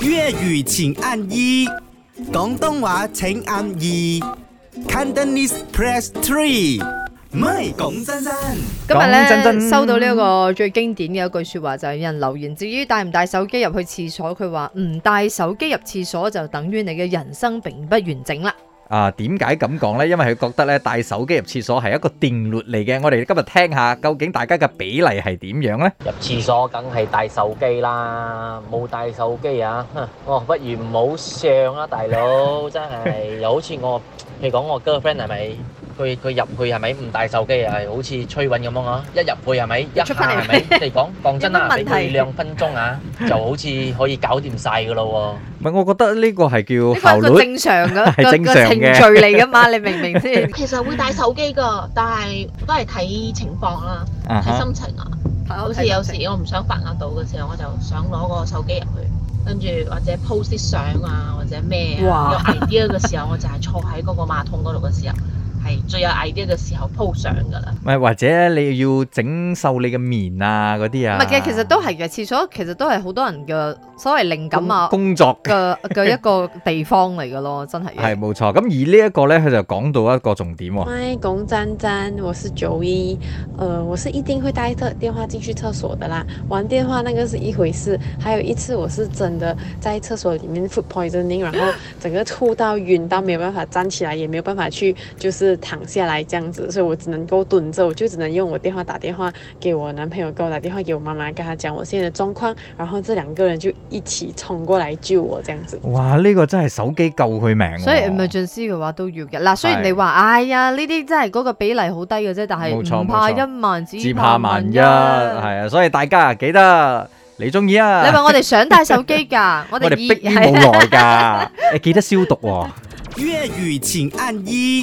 粵語請按一，廣東話請按二，Cantonese press three 珍珍。唔係講真真，今日咧收到呢一個最經典嘅一句說話，就係、是、有人留言，至於帶唔帶手機入去廁所，佢話唔帶手機入廁所就等於你嘅人生並不完整啦。啊，點解咁講呢？因為佢覺得呢，帶手機入廁所係一個定律嚟嘅。我哋今日聽下究竟大家嘅比例係點樣呢？入廁所梗係帶手機啦，冇帶手機啊！哦，不如唔好上啦，啊，大佬，真係又好似我， 你講我 girlfriend 係咪？佢佢入去係咪唔帶手機係好似吹咁樣啊？一入去係咪一下係咪你講？講真啦，你睇兩分鐘啊，就好似可以搞掂曬噶咯喎。唔係，我覺得呢個係叫正常㗎。呢個係正常嘅，係正常嘅程序嚟噶嘛？你明唔明先？其實會帶手機噶，但係都係睇情況啦，睇心情啊。好似有時我唔想發壓倒嘅時候，我就想攞個手機入去，跟住或者 post 啲相啊，或者咩啊，又矮啲嘅時候，我就係坐喺嗰個馬桶嗰度嘅時候。係最有 idea 嘅時候鋪上噶啦，唔係或者你要整秀你嘅面啊嗰啲啊，唔嘅、啊，其實都係嘅。廁所其實都係好多人嘅所謂靈感啊工，工作嘅嘅 一個地方嚟嘅咯，真係。係冇錯，咁而這個呢一個咧，佢就講到一個重點喎、哦。誒，講真真，我是 Joey，誒，我是一定會帶特電話進去廁所的啦。玩電話那個是一回事，還有一次我是真的在廁所裡面 food poisoning 咗 尿，然後整個吐到暈到，沒有辦法站起來，也沒有辦法去，就是。躺下來這樣子，所以我只能夠蹲着，我就只能用我電話打電話給我男朋友，給我打電話給我媽媽，跟他講我現在的狀況。然後這兩個人就一起衝過來救我，這樣子。哇，呢、這個真係手機救佢命、哦。所以唔係 emergency 嘅話都要嘅嗱。雖然你話，哎呀，呢啲真係嗰個比例好低嘅啫，但係唔怕一萬、啊，只怕萬一、啊，係啊。所以大家啊，記得你中意啊。你話我哋想帶手機㗎， 我哋逼於無奈㗎，你 哎、記得消毒、哦。粵語前按一。